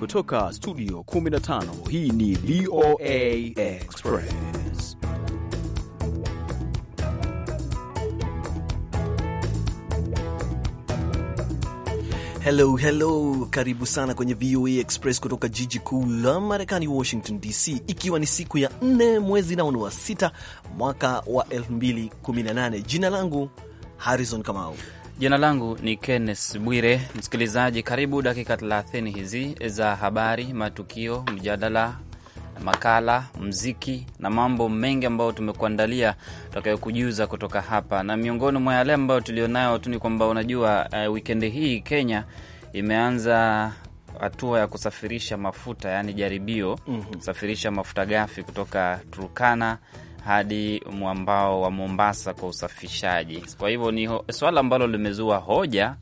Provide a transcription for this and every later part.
kutoka studio 15 hii ni VOA Express. Hello, hello, karibu sana kwenye VOA Express kutoka jiji kuu la Marekani, Washington DC, ikiwa ni siku ya nne mwezi naoni wa sita mwaka wa 2018. Jina langu Harrison Kamau Jina langu ni Kenneth Bwire. Msikilizaji, karibu dakika 30 hizi za habari, matukio, mjadala, makala, mziki na mambo mengi ambayo tumekuandalia tutakayokujuza kutoka hapa, na miongoni mwa yale ambayo tulionayo tu ni kwamba unajua, uh, wikendi hii Kenya imeanza hatua ya kusafirisha mafuta, yaani jaribio mm -hmm. kusafirisha mafuta ghafi kutoka Turkana hadi mwambao wa Mombasa kwa usafishaji. Kwa hivyo ni swala ambalo limezua hoja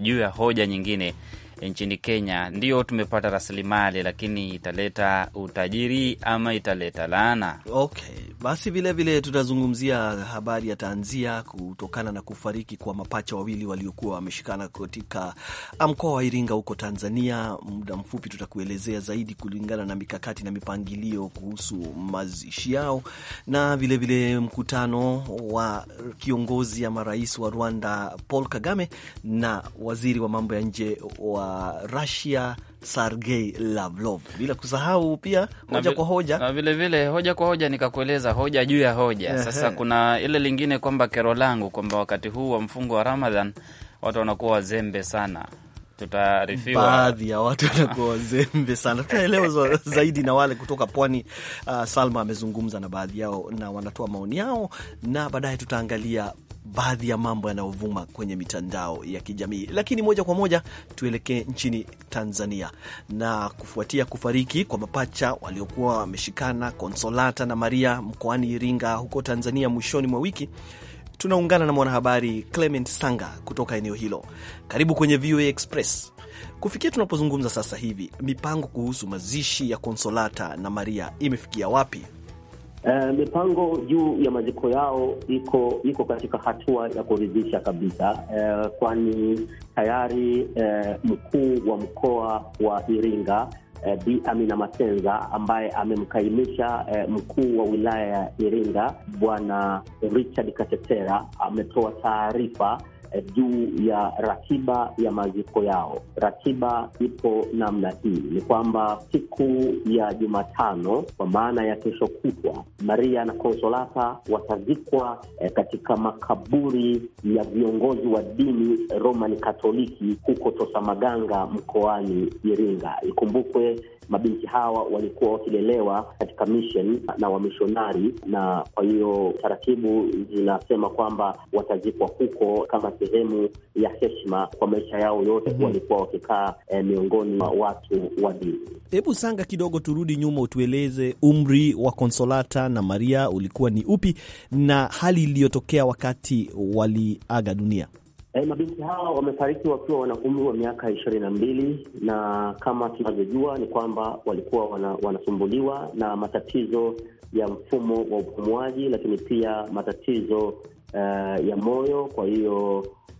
juu ya hoja nyingine nchini Kenya. Ndio tumepata rasilimali, lakini italeta utajiri ama italeta laana? Okay, basi vilevile tutazungumzia habari ya tanzia kutokana na kufariki kwa mapacha wawili waliokuwa wameshikana katika uh, mkoa wa Iringa huko Tanzania. Muda mfupi tutakuelezea zaidi kulingana na mikakati na mipangilio kuhusu mazishi yao, na vilevile vile mkutano wa kiongozi ama rais wa Rwanda Paul Kagame na waziri wa mambo ya nje wa wa Russia Sergey Lavrov, bila kusahau pia hoja kwa hoja na vile vile hoja kwa hoja, nikakueleza hoja juu ya hoja. Sasa kuna ile lingine kwamba kero langu kwamba wakati huu wa mfungo wa Ramadhan watu wanakuwa wazembe sana tutaarifiwa baadhi ya watu wanakuwa wazembe sana. Tutaelewa zaidi na wale kutoka pwani. Uh, Salma amezungumza na baadhi yao na wanatoa maoni yao, na baadaye tutaangalia baadhi ya mambo yanayovuma kwenye mitandao ya kijamii. Lakini moja kwa moja tuelekee nchini Tanzania, na kufuatia kufariki kwa mapacha waliokuwa wameshikana Konsolata na Maria mkoani Iringa huko Tanzania mwishoni mwa wiki, tunaungana na mwanahabari Clement Sanga kutoka eneo hilo. Karibu kwenye VOA Express. Kufikia tunapozungumza sasa hivi, mipango kuhusu mazishi ya Konsolata na Maria imefikia wapi? Uh, mipango juu ya maziko yao iko iko katika hatua ya kuridhisha kabisa, uh, kwani tayari uh, mkuu wa mkoa wa Iringa uh, Bi Amina Masenza ambaye amemkaimisha uh, mkuu wa wilaya ya Iringa Bwana Richard Katetera ametoa taarifa Eh, juu ya ratiba ya maziko yao. Ratiba ipo namna hii, ni kwamba siku ya Jumatano, kwa maana ya kesho kutwa, Maria na Konsolata watazikwa eh, katika makaburi ya viongozi wa dini Roman Katoliki huko Tosamaganga mkoani Iringa. Ikumbukwe mabinti hawa walikuwa wakilelewa katika mission na wamishonari, na kwa hiyo taratibu zinasema kwamba watazikwa huko kama sehemu ya heshima kwa maisha yao yote mm -hmm. walikuwa wakikaa eh, miongoni mwa watu wa dini. Hebu Sanga, kidogo turudi nyuma, utueleze umri wa Konsolata na Maria ulikuwa ni upi na hali iliyotokea wakati waliaga dunia? E, mabinti hawa wamefariki wakiwa wana umri wa miaka ishirini na mbili na kama tunavyojua ni kwamba walikuwa wana, wanasumbuliwa na matatizo ya mfumo wa upumuaji, lakini pia matatizo uh, ya moyo. Kwa hiyo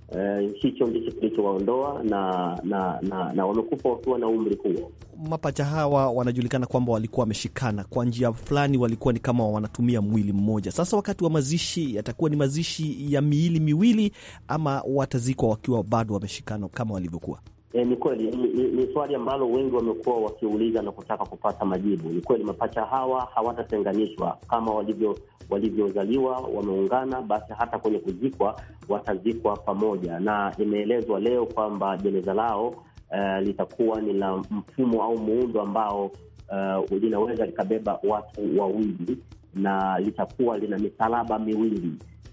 uh, hicho ndicho kilichowaondoa na, na, na, na wamekufa wakiwa na umri huo. Mapacha hawa wanajulikana kwamba walikuwa wameshikana kwa njia fulani, walikuwa ni kama wanatumia mwili mmoja. Sasa wakati wa mazishi yatakuwa ni mazishi ya miili miwili, ama watazikwa wakiwa bado wameshikana kama walivyokuwa? E, ni kweli ni swali ambalo wengi wamekuwa wakiuliza na kutaka kupata majibu. Ni kweli mapacha hawa hawatatenganishwa kama walivyo walivyozaliwa wameungana, basi hata kwenye kuzikwa watazikwa pamoja, na imeelezwa leo kwamba jeneza lao uh, litakuwa ni la mfumo au muundo ambao uh, linaweza likabeba watu wawili na litakuwa lina misalaba miwili,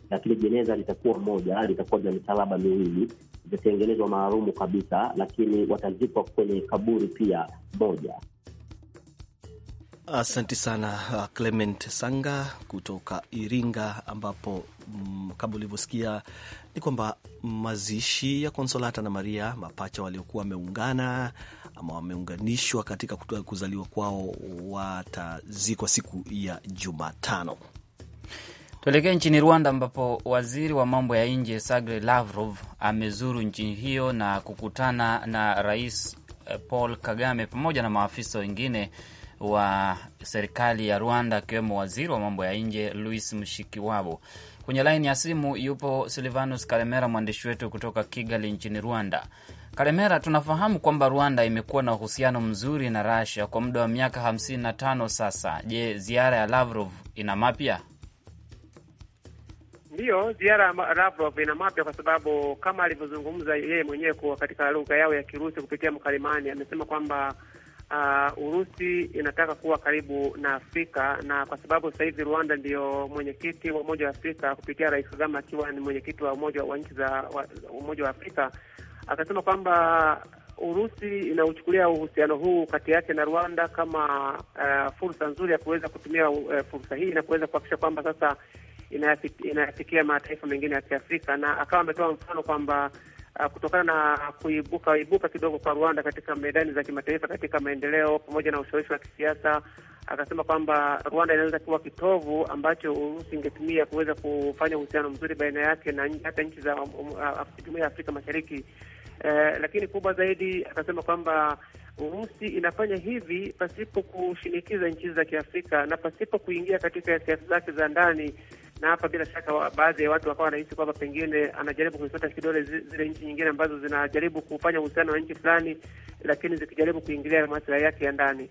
lakini jeneza litakuwa moja, litakuwa lina misalaba miwili zitatengenezwa maalumu kabisa, lakini watazikwa kwenye kaburi pia moja. Asante sana uh, Clement Sanga kutoka Iringa, ambapo mm, kama ulivyosikia ni kwamba mazishi ya Konsolata na Maria mapacha waliokuwa wameungana ama wameunganishwa katika kuzaliwa kwao watazikwa siku ya Jumatano. Tuelekee nchini Rwanda ambapo waziri wa mambo ya nje Sergey Lavrov amezuru nchi hiyo na kukutana na rais eh, Paul Kagame pamoja na maafisa wengine wa serikali ya Rwanda akiwemo waziri wa mambo ya nje Louis Mushikiwabo. Kwenye laini ya simu yupo Silvanus Karemera, mwandishi wetu kutoka Kigali nchini Rwanda. Karemera, tunafahamu kwamba Rwanda imekuwa na uhusiano mzuri na Russia kwa muda wa miaka 55 sasa. Je, ziara ya Lavrov ina mapya? Ndiyo, ziara ya Lavrov ina mapya kwa sababu kama alivyozungumza yeye mwenyewe kuwa katika lugha yao ya Kirusi kupitia mkalimani, amesema kwamba uh, Urusi inataka kuwa karibu na Afrika, na kwa sababu sasa hivi Rwanda ndiyo mwenyekiti wa Umoja wa Afrika kupitia Rais Kagame akiwa ni mwenyekiti wa umoja wa nchi za Umoja wa Afrika, akasema kwamba Urusi inauchukulia uhusiano huu kati yake na Rwanda kama uh, fursa nzuri ya kuweza kutumia uh, fursa hii na kuweza kuhakikisha kwamba sasa inayafikia mataifa mengine ya Kiafrika, na akawa ametoa mfano kwamba uh, kutokana na kuibuka ibuka kidogo kwa Rwanda katika medani za kimataifa katika maendeleo pamoja na ushawishi wa kisiasa, akasema kwamba Rwanda inaweza kuwa kitovu ambacho Urusi ingetumia kuweza kufanya uhusiano mzuri baina yake na hata nchi za um, um, uh, jumuiya ya Afrika Mashariki. Uh, lakini kubwa zaidi akasema kwamba Urusi inafanya hivi pasipo kushinikiza nchi za Kiafrika na pasipo kuingia katika siasa zake za ndani na hapa bila shaka baadhi ya watu wakawa wanahisi kwamba pengine anajaribu kuipata kidole zile nchi nyingine ambazo zinajaribu kufanya uhusiano wa nchi fulani, lakini zikijaribu kuingilia maslahi yake ya ndani.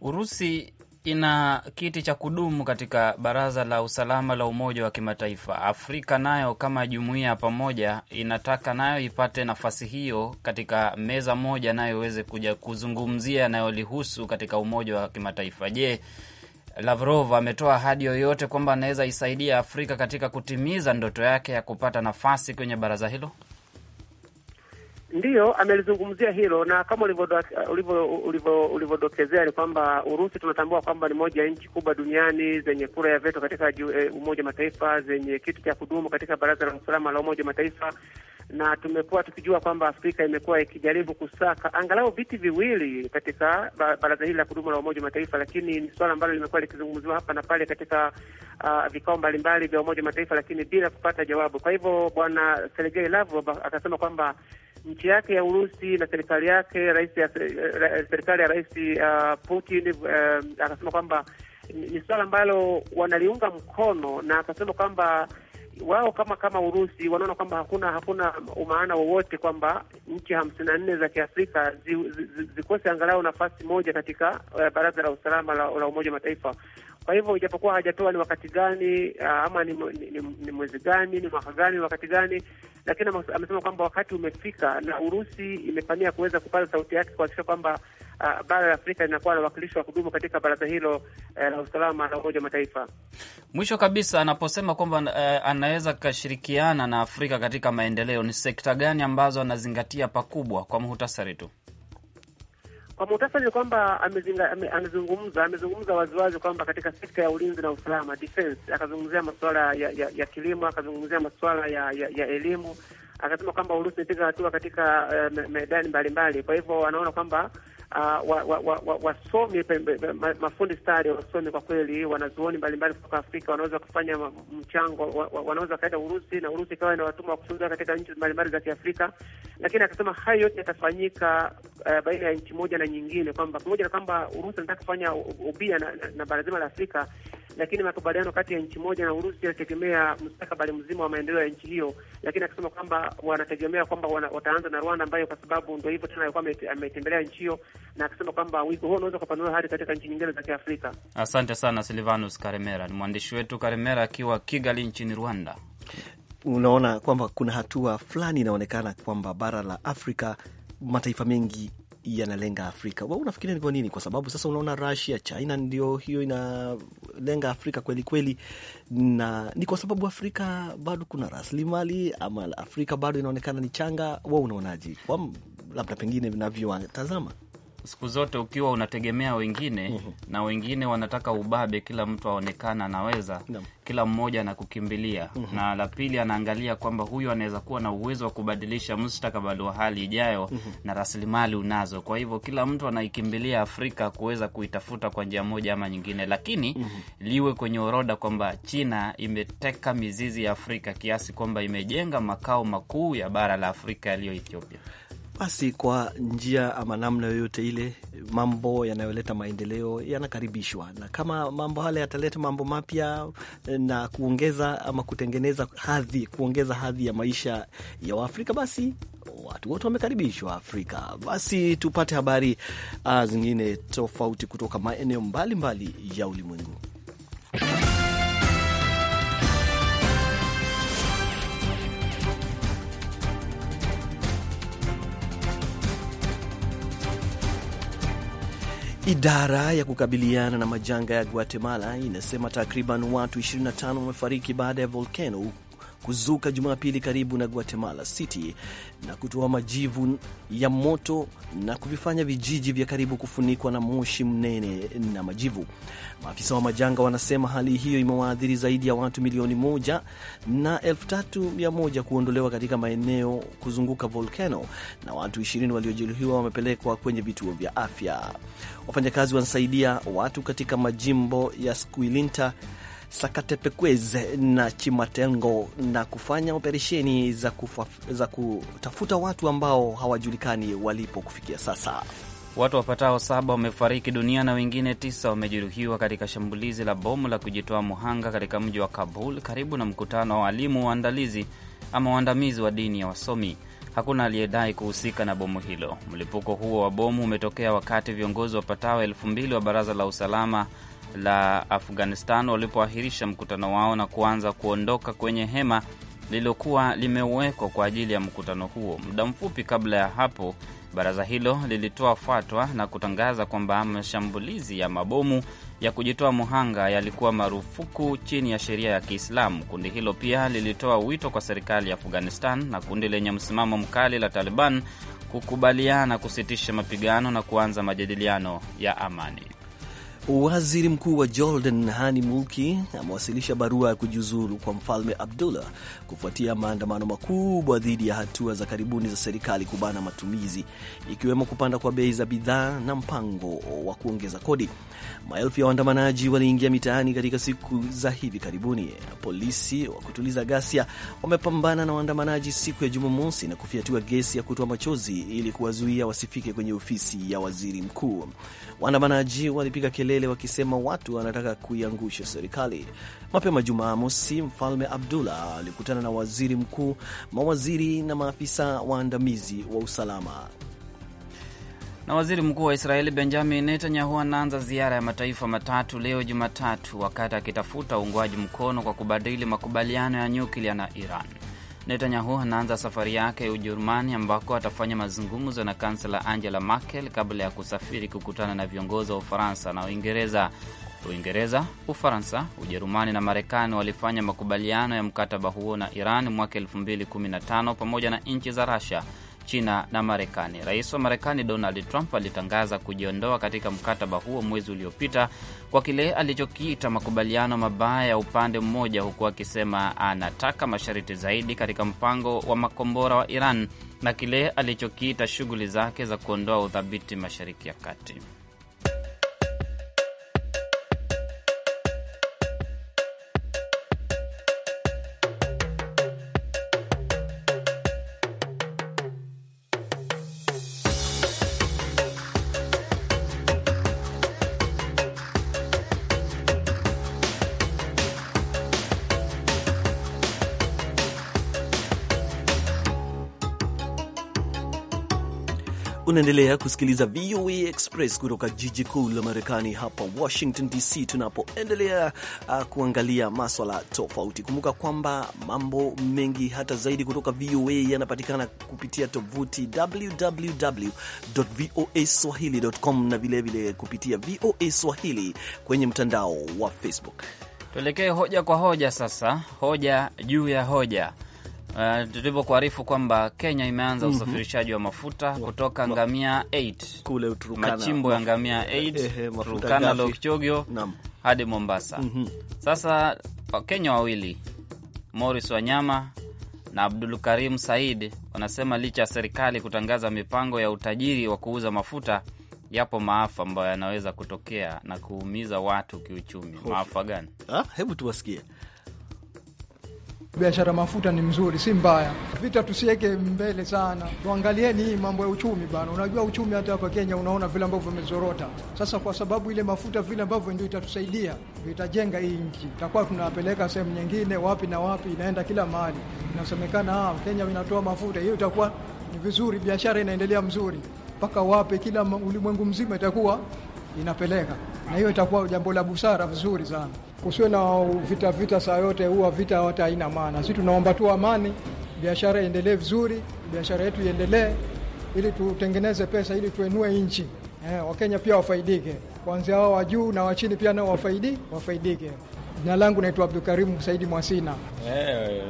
Urusi ina kiti cha kudumu katika Baraza la Usalama la Umoja wa Kimataifa. Afrika nayo kama jumuiya pamoja inataka nayo ipate nafasi hiyo katika meza moja, nayo iweze kuja kuzungumzia yanayolihusu katika Umoja wa Kimataifa. Je, Lavrov ametoa ahadi yoyote kwamba anaweza isaidia Afrika katika kutimiza ndoto yake ya kupata nafasi kwenye baraza hilo? Ndiyo, amelizungumzia hilo na kama ulivyodokezea ni kwamba Urusi tunatambua kwamba ni moja ya nchi kubwa duniani zenye kura ya veto katika eh, Umoja Mataifa, zenye kitu cha kudumu katika Baraza la Usalama la Umoja Mataifa, na tumekuwa tukijua kwamba Afrika imekuwa ikijaribu kusaka angalau viti viwili katika baraza hili la kudumu la Umoja Mataifa, lakini ni suala ambalo limekuwa likizungumziwa hapa na pale katika uh, vikao mbalimbali vya Umoja Mataifa, lakini bila kupata jawabu. Kwa hivyo Bwana Sergei Lavrov akasema kwamba nchi yake ya Urusi na serikali yake rais ya, eh, eh, serikali ya rais uh, Putin uh, akasema kwamba ni suala ambalo wanaliunga mkono, na akasema kwamba wao kama kama Urusi wanaona kwamba hakuna hakuna umaana wowote kwamba nchi hamsini na nne za Kiafrika zikose zi, zi, zi angalau nafasi moja katika uh, Baraza la Usalama la, la Umoja wa Mataifa. Kwa hivyo ijapokuwa hajatoa ni wakati gani ah, ama ni, ni, ni, ni mwezi gani ni mwaka gani ni wakati gani, lakini amesema kwamba wakati umefika na Urusi imepania kuweza kupata sauti yake kuhakikisha kwamba Uh, bara la Afrika linakuwa na wakilishi wa kudumu katika baraza hilo uh, la usalama la Umoja wa Mataifa. Mwisho kabisa, anaposema kwamba uh, anaweza kashirikiana na Afrika katika maendeleo, ni sekta gani ambazo anazingatia pakubwa kwa muhtasari tu? Kwa muhtasari ni kwamba amezungumza amezungumza waziwazi kwamba katika sekta ya ulinzi na usalama defense, akazungumzia masuala ya, ya, ya kilimo, akazungumzia masuala ya, ya, ya elimu, akasema kwamba Urusi imepiga hatua katika eh, medani mbalimbali. Kwa hivyo anaona kwamba uh, wasomi wa, wa, wa, wa mafundi stadi wasomi kwa kweli, wanazuoni mbalimbali kutoka Afrika wanaweza kufanya mchango wa, wanaweza wakaenda Urusi na Urusi ikawa inawatuma wa kufunza katika nchi mbalimbali za Kiafrika. Lakini akasema hayo yote yatafanyika uh, baina ya nchi moja na nyingine, kwamba pamoja na kwamba Urusi anataka kufanya ubia na, na, na bara zima la Afrika lakini makubaliano kati ya nchi moja na Urusi yanategemea mustakabali mzima wa maendeleo ya nchi hiyo. Lakini akasema kwamba wanategemea kwamba wana, wataanza na Rwanda ambayo kwa sababu ndio hivyo tena alikuwa ametembelea nchi hiyo, na akasema kwamba wiko huo unaweza kupanua hadi katika nchi nyingine za Kiafrika. Asante sana Silvanus Karemera, ni mwandishi wetu Karemera akiwa Kigali nchini Rwanda. Unaona kwamba kuna hatua fulani inaonekana kwamba bara la Afrika mataifa mengi yanalenga Afrika. Wewe unafikiria ni kwa nini? Kwa sababu sasa unaona Russia, China ndio hiyo inalenga Afrika kweli kweli, na ni kwa sababu Afrika bado kuna rasilimali ama Afrika bado inaonekana ni changa. Wewe unaonaje, labda pengine vinavyowatazama siku zote ukiwa unategemea wengine -hmm. na wengine wanataka ubabe, kila mtu aonekana anaweza no, kila mmoja anakukimbilia -hmm. Na la pili, anaangalia kwamba huyu anaweza kuwa na uwezo wa kubadilisha mustakabali wa hali ijayo -hmm. na rasilimali unazo. Kwa hivyo kila mtu anaikimbilia Afrika kuweza kuitafuta kwa njia moja ama nyingine, lakini -hmm. liwe kwenye orodha kwamba China imeteka mizizi ya Afrika kiasi kwamba imejenga makao makuu ya bara la Afrika yaliyo Ethiopia basi kwa njia ama namna yoyote ile, mambo yanayoleta maendeleo yanakaribishwa, na kama mambo hale yataleta mambo mapya na kuongeza ama kutengeneza hadhi, kuongeza hadhi ya maisha ya Waafrika, basi watu wote wamekaribishwa Afrika. Basi tupate habari ah, zingine tofauti kutoka maeneo mbalimbali ya ulimwengu. Idara ya kukabiliana na majanga ya Guatemala inasema takriban watu 25 wamefariki baada ya volkano kuzuka Jumapili karibu na Guatemala City na kutoa majivu ya moto na kuvifanya vijiji vya karibu kufunikwa na moshi mnene na majivu. Maafisa wa majanga wanasema hali hiyo imewaathiri zaidi ya watu milioni moja na elfu tatu mia moja kuondolewa katika maeneo kuzunguka volcano na watu ishirini waliojeruhiwa wamepelekwa kwenye vituo vya afya. Wafanyakazi wanasaidia watu katika majimbo ya Squilinta Sakatepekweze na Chimatengo na kufanya operesheni za, za kutafuta watu ambao hawajulikani walipo kufikia sasa. Watu wapatao saba wamefariki dunia na wengine tisa wamejeruhiwa katika shambulizi la bomu la kujitoa muhanga katika mji wa Kabul karibu na mkutano wa waalimu waandalizi ama waandamizi wa dini ya wasomi. Hakuna aliyedai kuhusika na bomu hilo. Mlipuko huo wa bomu umetokea wakati viongozi wapatao elfu mbili wa baraza la usalama la Afghanistan walipoahirisha mkutano wao na kuanza kuondoka kwenye hema lililokuwa limewekwa kwa ajili ya mkutano huo. Muda mfupi kabla ya hapo, baraza hilo lilitoa fatwa na kutangaza kwamba mashambulizi ya mabomu ya kujitoa muhanga yalikuwa marufuku chini ya sheria ya Kiislamu. Kundi hilo pia lilitoa wito kwa serikali ya Afghanistan na kundi lenye msimamo mkali la Taliban kukubaliana kusitisha mapigano na kuanza majadiliano ya amani. Waziri Mkuu wa Jordan Hani Mulki amewasilisha barua ya kujiuzulu kwa Mfalme Abdullah kufuatia maandamano makubwa dhidi ya hatua za karibuni za serikali kubana matumizi, ikiwemo kupanda kwa bei za bidhaa na mpango wa kuongeza kodi. Maelfu ya waandamanaji waliingia mitaani katika siku za hivi karibuni. Polisi wa kutuliza ghasia wamepambana na waandamanaji siku ya Jumamosi na kufiatiwa gesi ya kutoa machozi ili kuwazuia wasifike kwenye ofisi ya waziri mkuu. Waandamanaji walipiga kelele kelele wakisema watu wanataka kuiangusha serikali. Mapema Jumamosi, Mfalme Abdullah alikutana na waziri mkuu, mawaziri na maafisa waandamizi wa usalama. Na waziri mkuu wa Israeli Benjamin Netanyahu anaanza ziara ya mataifa matatu leo Jumatatu, wakati akitafuta uungwaji mkono kwa kubadili makubaliano ya nyuklia na Iran. Netanyahu anaanza safari yake Ujerumani ambako atafanya mazungumzo na kansela Angela Merkel kabla ya kusafiri kukutana na viongozi wa Ufaransa na Uingereza. Uingereza, Ufaransa, Ujerumani na Marekani walifanya makubaliano ya mkataba huo na Iran mwaka 2015 pamoja na nchi za rusia China na Marekani. Rais wa Marekani Donald Trump alitangaza kujiondoa katika mkataba huo mwezi uliopita kwa kile alichokiita makubaliano mabaya ya upande mmoja, huku akisema anataka masharti zaidi katika mpango wa makombora wa Iran na kile alichokiita shughuli zake za kuondoa udhabiti Mashariki ya Kati. Unaendelea kusikiliza VOA Express kutoka jiji kuu la Marekani hapa Washington DC, tunapoendelea uh, kuangalia maswala tofauti. Kumbuka kwamba mambo mengi hata zaidi kutoka VOA yanapatikana kupitia tovuti www.voaswahili.com na vilevile vile kupitia VOA Swahili kwenye mtandao wa Facebook. Tuelekee hoja kwa hoja sasa, hoja juu ya hoja Eh, uh, kuharifu kwamba Kenya imeanza mm -hmm. usafirishaji wa mafuta kutoka wa, ngamia 8 kule machimbo ya ngamia 8 Lokchogyo hadi Mombasa mm -hmm. Sasa Wakenya wawili Morris Wanyama na Abdul Karim Said wanasema licha ya serikali kutangaza mipango ya utajiri wa kuuza mafuta yapo maafa ambayo yanaweza kutokea na kuumiza watu kiuchumi. Maafa gani? Ha, ah, hebu tuwasikie biashara mafuta ni mzuri, si mbaya. Vita tusiweke mbele sana, tuangalieni hii mambo ya uchumi bana. Unajua uchumi hata hapa Kenya unaona vile ambavyo vimezorota sasa, kwa sababu ile mafuta vile ambavyo ndio itatusaidia, itajenga hii nchi, itakuwa tunapeleka sehemu nyingine, wapi na wapi, inaenda kila mahali. Inasemekana ah, Kenya inatoa mafuta, hiyo itakuwa ni vizuri, biashara inaendelea mzuri mpaka wapi, kila ulimwengu mzima itakuwa inapeleka, na hiyo itakuwa jambo la busara vizuri sana. Kusiwe na vita vita saa yote, huwa vita wote haina maana. Sisi tunaomba tu amani, biashara iendelee vizuri, biashara yetu iendelee ili tutengeneze pesa ili tuenue nchi eh, Wakenya pia wafaidike, kuanzia wao wa juu na wa chini pia nao wafaidi wafaidike. Jina langu naitwa Abdukarimu Saidi Mwasina. Eh,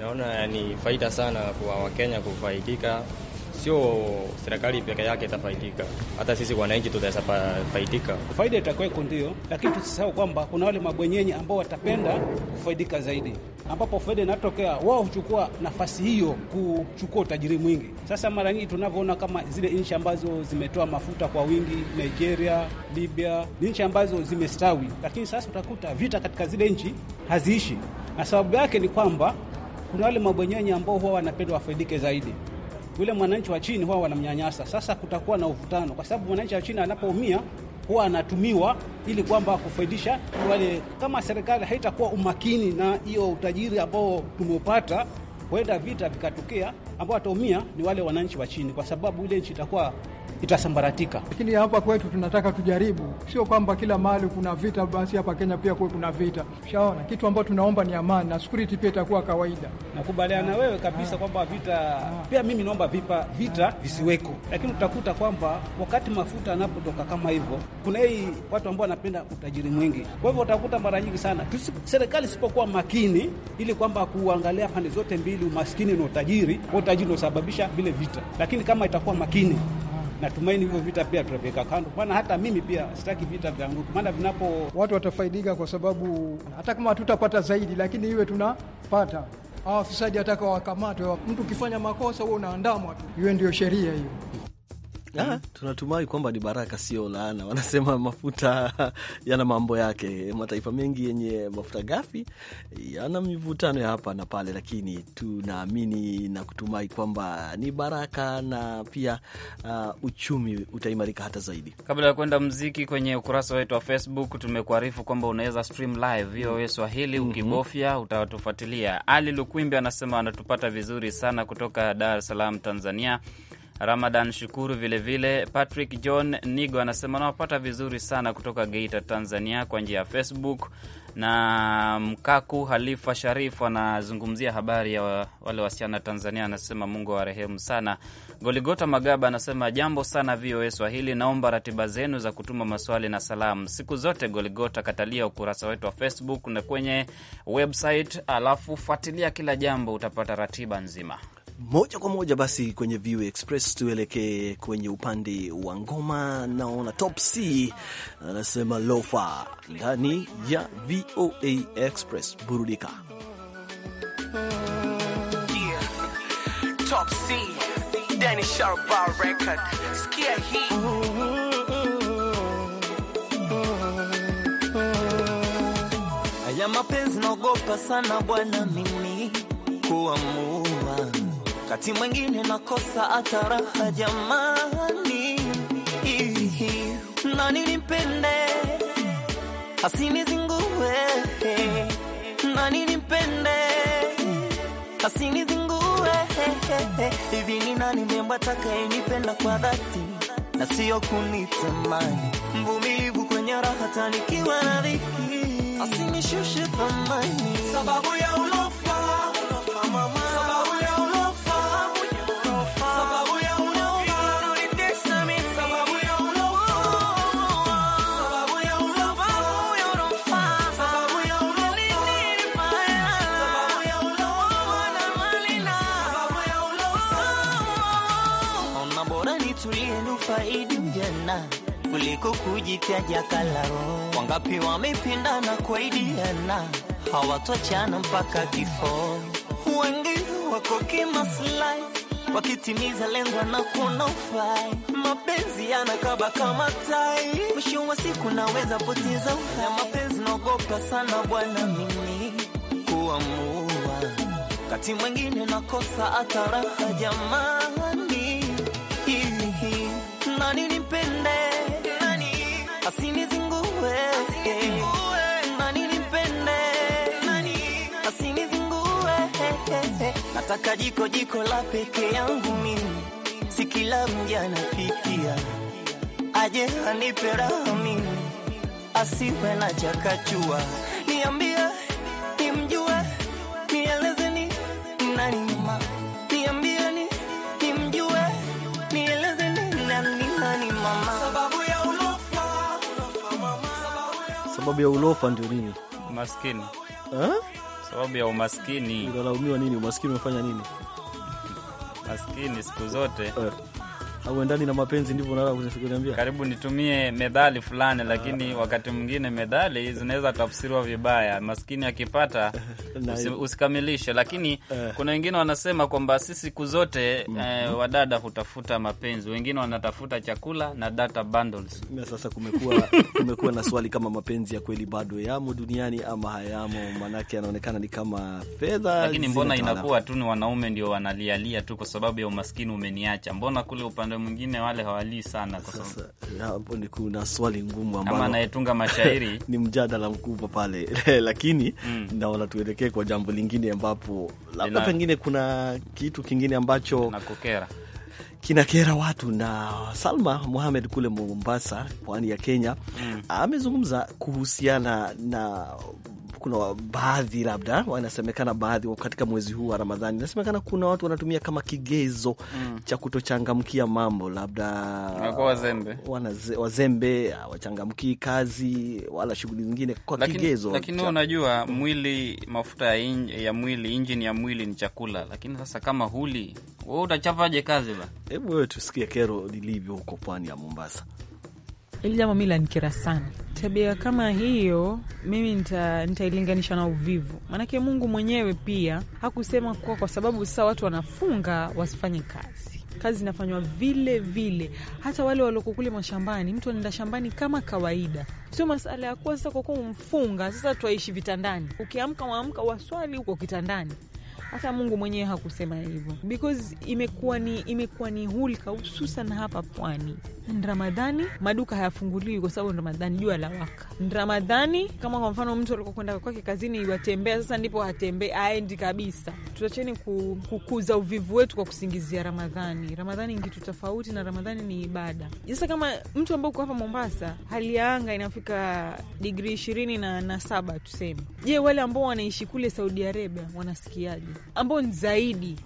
naona ni faida sana kwa Wakenya kufaidika sio serikali peke yake itafaidika, hata sisi wananchi tutaweza faidika. Faida itakuweko ndio, lakini tusisahau kwamba kuna wale mabwenyenye ambao watapenda kufaidika zaidi, ambapo faida inatokea, wao huchukua nafasi hiyo kuchukua utajiri mwingi. Sasa mara nyingi tunavyoona kama zile nchi ambazo zimetoa mafuta kwa wingi, Nigeria, Libya, ni nchi ambazo zimestawi, lakini sasa utakuta vita katika zile nchi haziishi, na sababu yake ni kwamba kuna wale mabwenyenye ambao huwa wanapenda wafaidike zaidi yule mwananchi wa chini huwa wanamnyanyasa. Sasa kutakuwa na uvutano, kwa sababu mwananchi wa chini anapoumia huwa anatumiwa ili kwamba kufaidisha wale. Kama serikali haitakuwa umakini na hiyo utajiri ambao tumeupata, huenda vita vikatokea, ambao wataumia ni wale wananchi wa chini, kwa sababu ile nchi itakuwa itasambaratika. Lakini hapa kwetu tunataka tujaribu, sio kwamba kila mahali kuna vita, basi hapa Kenya pia kuwe kuna vita. Shaona kitu ambacho tunaomba ni amani na security pia itakuwa kawaida. Nakubaliana na wewe kabisa ah. kwamba vita pia, mimi naomba vipa vita ah. visiweko, lakini utakuta kwamba wakati mafuta yanapotoka kama hivyo, kuna hii watu ambao wanapenda utajiri mwingi. Kwa hivyo utakuta mara nyingi sana serikali isipokuwa makini ili kwamba kuangalia pande zote mbili, umaskini na utajiri, utajiri unaosababisha vile vita, lakini kama itakuwa makini natumaini hivyo vita pia tutaviweka kando, maana hata mimi pia sitaki vita vya maana vinapo watu watafaidika, kwa sababu hata kama hatutapata zaidi, lakini iwe tunapata. Hawa wafisadi hataka wakamatwe. Mtu ukifanya makosa huo unaandamwa tu, hiyo ndio sheria hiyo. Ah, tunatumai kwamba ni baraka, sio laana. Wanasema mafuta yana mambo yake. Mataifa mengi yenye mafuta ghafi yana mivutano ya hapa na pale, lakini tunaamini na kutumai kwamba ni baraka na pia uh, uchumi utaimarika hata zaidi. Kabla ya kwenda mziki, kwenye ukurasa wetu wa Facebook tumekuarifu kwamba unaweza stream live VOA Swahili, mhm. ukibofya utatufuatilia. Ali Lukwimbi anasema anatupata vizuri sana kutoka Dar es Salaam, Tanzania. Ramadan Shukuru vilevile vile. Patrick John Nigo anasema anawapata vizuri sana kutoka Geita, Tanzania, kwa njia ya Facebook. Na Mkaku Halifa Sharifu anazungumzia habari ya wale wasichana Tanzania, anasema Mungu awarehemu sana. Goligota Magaba anasema jambo sana VOA Swahili, naomba ratiba zenu za kutuma maswali na salamu siku zote. Goligota, katalia ukurasa wetu wa Facebook na kwenye website, alafu fuatilia kila jambo, utapata ratiba nzima moja kwa moja basi kwenye VOA Express tuelekee kwenye upande wa ngoma. Naona Top C anasema lofa ndani ya VOA Express. Burudika. Yeah. Top C, Danny Sharbar record. Sikia hii. Haya mapenzi naogopa sana bwana mimi kuamua wakati mwingine nakosa hata raha jamani, na ninimpende asinizingue, na ninimpende asinizingue. Hivi ni nani mrembo atakayenipenda kwa dhati na sio kunitamani? Mvumilivu kwenye raha, hata nikiwa na dhiki, asinishushe thamani sababu ya ulo kuliko kujitaja kalao, wangapi na kuaidiana, hawatochana mpaka kifo. Wengi wako kimaslahi, wakitimiza lengo na kuna ufai, mapenzi yanakaba kama tai, mwisho wa siku naweza poteza uhai. Mapenzi naogopa sana bwana, mimi kuamua, kati mwingine nakosa hata jamani, nani nipende nataka jiko jiko la peke yangu mimi, si kila mja napikia, aje anipe raha mimi, asiwe na chakachua sababu ya ulofa ndio nini? Maskini eh? Sababu ya umaskini. Unalaumiwa nini? Umaskini umefanya nini? Maskini siku zote eh auendani na mapenzi, ndivyo unataka kuniambia? Karibu nitumie medhali fulani, lakini wakati mwingine medhali zinaweza tafsiriwa vibaya. Maskini akipata usi, usikamilishe. Lakini eh. kuna wengine wanasema kwamba si siku zote mm -hmm. eh, wadada hutafuta mapenzi, wengine wanatafuta chakula na data bundles. Sasa kumekuwa kumekuwa na swali kama mapenzi ya kweli bado yamo duniani ama hayamo, manake yanaonekana ni kama fedha. Lakini mbona inakuwa tu ni wanaume ndio wanalialia tu kwa sababu ya umaskini, umeniacha, mbona kule upande upande mwingine wale hawalii sana kwa sasa hapo ni kuna swali ngumu ambalo anayetunga mashairi ni mjadala mkubwa pale lakini mm. naona tuelekee kwa jambo lingine ambapo labda pengine kuna kitu kingine ambacho nakukera kinakera watu. Na Salma Muhamed kule Mombasa, pwani ya Kenya, mm. amezungumza kuhusiana na kuna baadhi labda wanasemekana baadhi katika mwezi huu wa Ramadhani inasemekana kuna watu wanatumia kama kigezo mm. cha kutochangamkia mambo, labda wazembe, wanaze, wazembe wachangamkii kazi wala shughuli zingine kwa lakin, kigezo. Lakini unajua mwili, mafuta ya mwili, injini ya mwili ni chakula, lakini sasa kama huli wewe utachafaje kazi ba? Hebu wewe tusikie kero lilivyo huko pwani ya Mombasa. Hili jambo mi lanikera sana. Tabia kama hiyo mimi nitailinganisha nita na uvivu, maanake Mungu mwenyewe pia hakusema kuwa kwa sababu sasa watu wanafunga wasifanye kazi. Kazi zinafanywa vile vile, hata wale walioko kule mashambani, mtu anaenda shambani kama kawaida, sio masala ya kuwa sasa kwa kuwa umfunga, sasa twaishi vitandani. Ukiamka waamka waswali huko kitandani, hata Mungu mwenyewe hakusema hivyo, because imekuwa ni imekuwa ni hulka, hususan hapa pwani. Ramadhani maduka hayafunguliwi kwa sababu Ramadhani jua la waka. Ramadhani kama kwa mfano mtu alikuwa kwenda kwake kazini, iwatembea sasa, ndipo hatembee aendi kabisa. Tutacheni kukuza uvivu wetu kwa kusingizia Ramadhani. Ramadhani ni kitu tofauti na Ramadhani ni ibada. Sasa kama mtu ambao uko hapa Mombasa, hali ya anga inafika digrii ishirini na, na saba tuseme. Je, wale ambao wanaishi kule Saudi Arabia wanasikiaje? ambao ni zaidi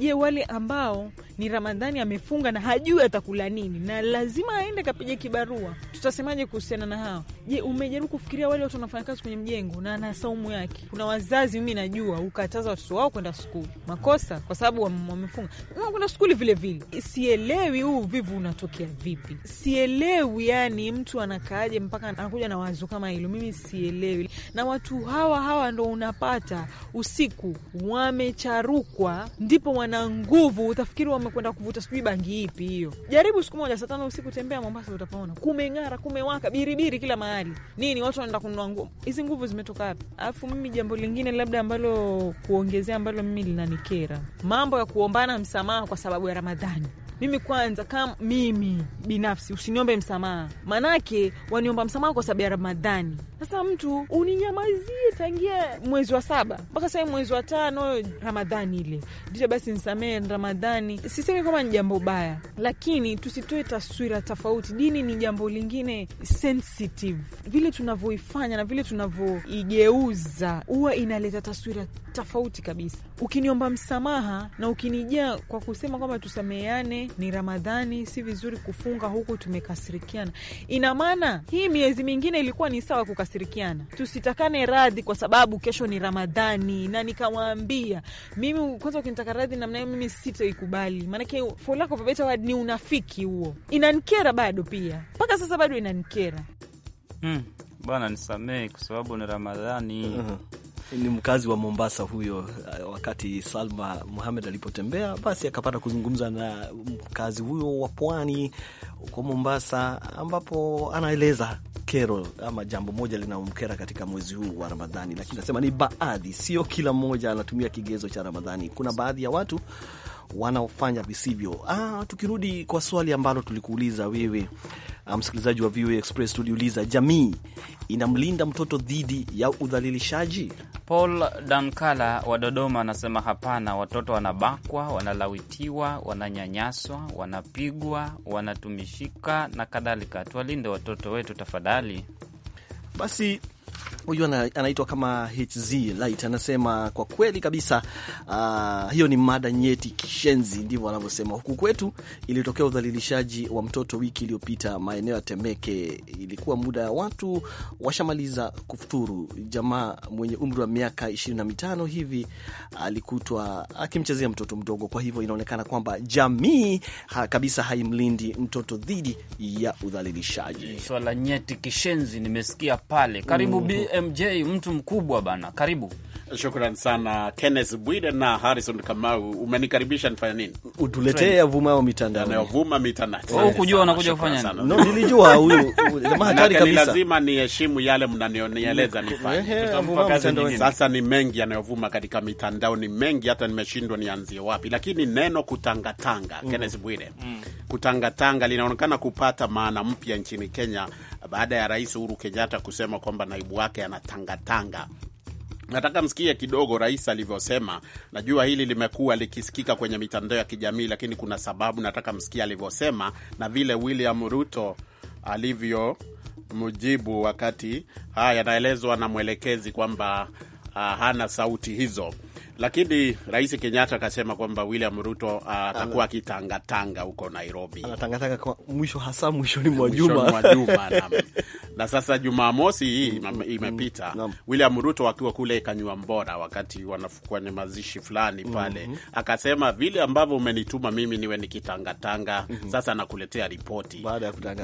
Je, wale ambao ni Ramadhani amefunga na hajui atakula nini na lazima aende kapige kibarua, tutasemaje kuhusiana na hao? Je, umejaribu kufikiria wale watu wanafanya kazi kwenye mjengo na ana saumu yake? Kuna wazazi mimi najua ukataza watoto wao kwenda skuli, makosa kwa sababu wamefunga kwenda skuli vilevile. Sielewi huu vivu unatokea vipi, sielewi. Yani mtu anakaaje mpaka anakuja na wazo kama hilo? Mimi sielewi. Na watu hawa hawa ndo unapata usiku wamecharukwa ndi ndipo wana nguvu, utafikiri wamekwenda kuvuta sijui bangi ipi hiyo. Jaribu siku moja saa tano usiku tembea Mombasa, utapaona kumeng'ara, kumewaka biribiri kila mahali. Nini watu wanaenda kununua nguo? Hizi nguvu zimetoka wapi? Alafu mimi jambo lingine labda ambalo kuongezea, ambalo mimi linanikera, mambo ya kuombana msamaha kwa sababu ya Ramadhani. Mimi kwanza, kama mimi binafsi, usiniombe msamaha, maanake waniomba msamaha kwa sababu ya Ramadhani. Sasa mtu uninyamazie tangia mwezi wa saba mpaka sasa mwezi wa tano, Ramadhani ile dija, basi nisamehe Ramadhani. Sisemi kwamba ni jambo baya, lakini tusitoe taswira tofauti. Dini ni jambo lingine sensitive, vile tunavyoifanya na vile tunavyoigeuza huwa inaleta taswira tofauti kabisa. Ukiniomba msamaha na ukinijaa kwa kusema kwamba tusameheane, ni Ramadhani, si vizuri kufunga huku tumekasirikiana, ina maana hii miezi mingine ilikuwa ni sawa kuka tunakasirikiana, tusitakane radhi kwa sababu kesho ni Ramadhani na nikawaambia mimi. Kwanza ukinitaka radhi namna hiyo mimi sitaikubali, maanake for lack of a better word ni unafiki huo. Inanikera bado, pia mpaka sasa bado inanikera. Mm, bwana nisamehe kwa sababu ni Ramadhani. Mm-hmm ni mkazi wa Mombasa huyo. Uh, wakati Salma Muhamed alipotembea, basi akapata kuzungumza na mkazi huyo wa pwani huko Mombasa, ambapo anaeleza kero ama jambo moja linalomkera katika mwezi huu wa Ramadhani. Lakini nasema ni baadhi, sio kila mmoja anatumia kigezo cha Ramadhani. Kuna baadhi ya watu wanaofanya visivyo. Ah, tukirudi kwa swali ambalo tulikuuliza wewe ah, msikilizaji wa VOA Express, tuliuliza jamii inamlinda mtoto dhidi ya udhalilishaji. Paul Dankala wa Dodoma anasema hapana, watoto wanabakwa, wanalawitiwa, wananyanyaswa, wanapigwa, wanatumishika na kadhalika. Tuwalinde watoto wetu tafadhali. Basi Huyu anaitwa kama HZ Light anasema kwa kweli kabisa, uh, hiyo ni mada nyeti kishenzi, ndivyo anavyosema. Huku kwetu ilitokea udhalilishaji wa mtoto wiki iliyopita maeneo ya Temeke. Ilikuwa muda ya watu washamaliza kufuturu, jamaa mwenye umri wa miaka ishirini na mitano hivi alikutwa akimchezea mtoto mdogo. Kwa hivyo inaonekana kwamba jamii ha, kabisa haimlindi mtoto dhidi ya udhalilishaji. Swala nyeti kishenzi nimesikia pale karibu BMJ mtu mkubwa bana, karibu. Shukran sana Kenneth Bwire na Harrison Kamau. Umenikaribisha nifanya nini? Utuletee yavumao mitandaoni, yanayovuma mitandaoni. Hukujua unakuja kufanya nini? No, nilijua huyu jamaa hatari kabisa. Lazima niheshimu yale mnanionieleza nifanye. Sasa ni mengi yanayovuma katika mitandao, ni mengi hata nimeshindwa nianzie wapi, lakini neno kutangatanga, mm. Kenneth Bwire, mm. kutangatanga linaonekana kupata maana mpya nchini Kenya baada ya Rais Uhuru Kenyatta kusema kwamba naibu wake anatangatanga Nataka msikie kidogo rais alivyosema. Najua hili limekuwa likisikika kwenye mitandao ya kijamii, lakini kuna sababu. Nataka msikie alivyosema na vile William Ruto alivyo mjibu wakati haya yanaelezwa na mwelekezi kwamba ah, hana sauti hizo, lakini rais Kenyatta akasema kwamba William Ruto ah, atakuwa akitangatanga huko Nairobi, anatangatanga kwa mwisho, hasa mwishoni mwa juma na sasa Jumamosi hii mm, mm, imepita, mm mm, William Ruto akiwa kule Kanyua Mbora, wakati wanafukua ni mazishi fulani pale, mm -hmm. akasema vile ambavyo umenituma mimi niwe nikitangatanga, mm -hmm. sasa nakuletea ripoti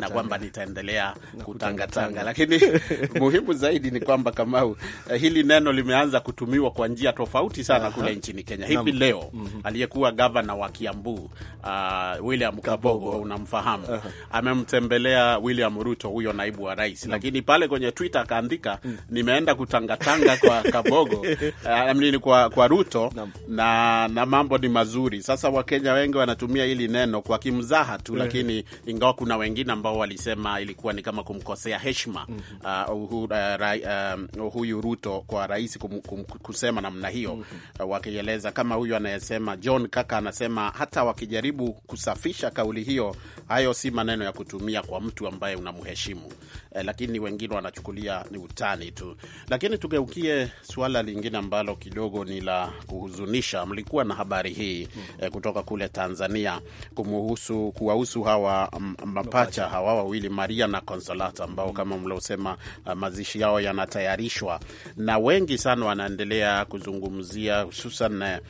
na kwamba nitaendelea kutangatanga, lakini muhimu zaidi ni kwamba Kamau, eh, hili neno limeanza kutumiwa kwa njia tofauti sana Aha. kule nchini Kenya hivi leo, mm -hmm. aliyekuwa gavana wa Kiambu uh, William Kabogo, Kabogo unamfahamu, amemtembelea William Ruto, huyo naibu wa rais Rais, lakini pale kwenye Twitter akaandika mm. nimeenda kutangatanga kwa Kabogo uh, kwa, kwa Ruto Nam. na na mambo ni mazuri. Sasa Wakenya wengi wanatumia hili neno kwa kimzaha tu, eh. lakini ingawa kuna wengine ambao walisema ilikuwa ni kama kumkosea heshima mm -hmm. uh, uh, uh, huyu Ruto kwa rais kum, kum, kusema namna hiyo mm -hmm. uh, wakieleza kama huyu anayesema John Kaka anasema hata wakijaribu kusafisha kauli hiyo, hayo si maneno ya kutumia kwa mtu ambaye unamheshimu eh, lakini wengine wanachukulia ni utani tu. Lakini tugeukie suala lingine ambalo kidogo ni la kuhuzunisha. Mlikuwa na habari hii eh, kutoka kule Tanzania kumuhusu kuwahusu hawa mm, mapacha hawa wawili Maria na Consolata ambao hmm, kama mliosema uh, mazishi yao yanatayarishwa na wengi sana wanaendelea kuzungumzia hususan eh,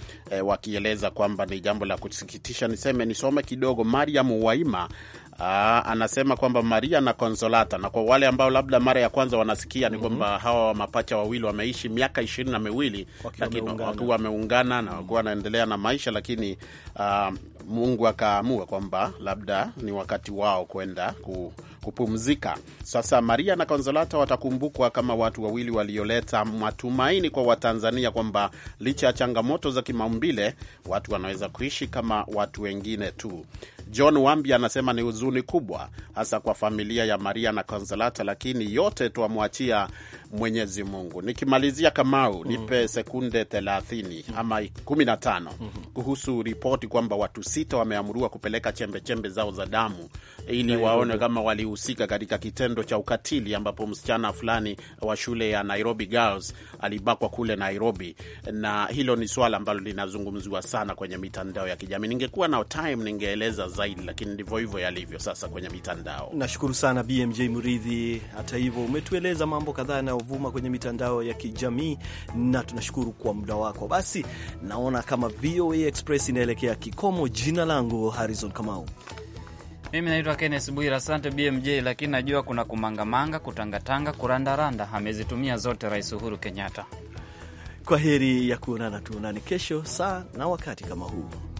wakieleza kwamba ni jambo la kusikitisha. Niseme nisome kidogo Mariam Waima Aa, ah, anasema kwamba Maria na Konsolata, na kwa wale ambao labda mara ya kwanza wanasikia ni mhm. kwamba mm -hmm. hawa mapacha wawili wameishi miaka ishirini na miwili wakiwa wameungana na wakiwa wanaendelea na maisha, lakini uh, Mungu akaamua kwamba labda ni wakati wao kwenda kupumzika. Sasa Maria na Konsolata watakumbukwa kama watu wawili walioleta matumaini kwa Watanzania kwamba licha ya changamoto za kimaumbile watu wanaweza kuishi kama watu wengine tu. John Wambi anasema ni huzuni kubwa, hasa kwa familia ya Maria na Konsolata, lakini yote twamwachia Mwenyezi Mungu. Nikimalizia, Kamau, mm. nipe sekunde thelathini ama kumi na tano mm-hmm. kuhusu ripoti kwamba watu sita wameamuriwa kupeleka chembechembe zao za damu ili waone kama walihusika katika kitendo cha ukatili ambapo msichana fulani wa shule ya Nairobi Girls alibakwa kule Nairobi, na hilo ni swala ambalo linazungumziwa sana kwenye mitandao ya kijamii. Ningekuwa na time ningeeleza zaidi, lakini ndivyo hivyo yalivyo sasa kwenye mitandao. Nashukuru sana BMJ Muridhi. Hata hivyo umetueleza mambo kadhaa na yanayovuma kwenye mitandao ya kijamii, na tunashukuru kwa muda wako. Basi naona kama VOA Express inaelekea kikomo. Jina langu Harrison Kamau. Mimi naitwa Kennes Bwira. Asante BMJ, lakini najua kuna kumangamanga, kutangatanga, kurandaranda. Amezitumia zote Rais Uhuru Kenyatta. Kwa heri ya kuonana, tuonane kesho saa na wakati kama huu.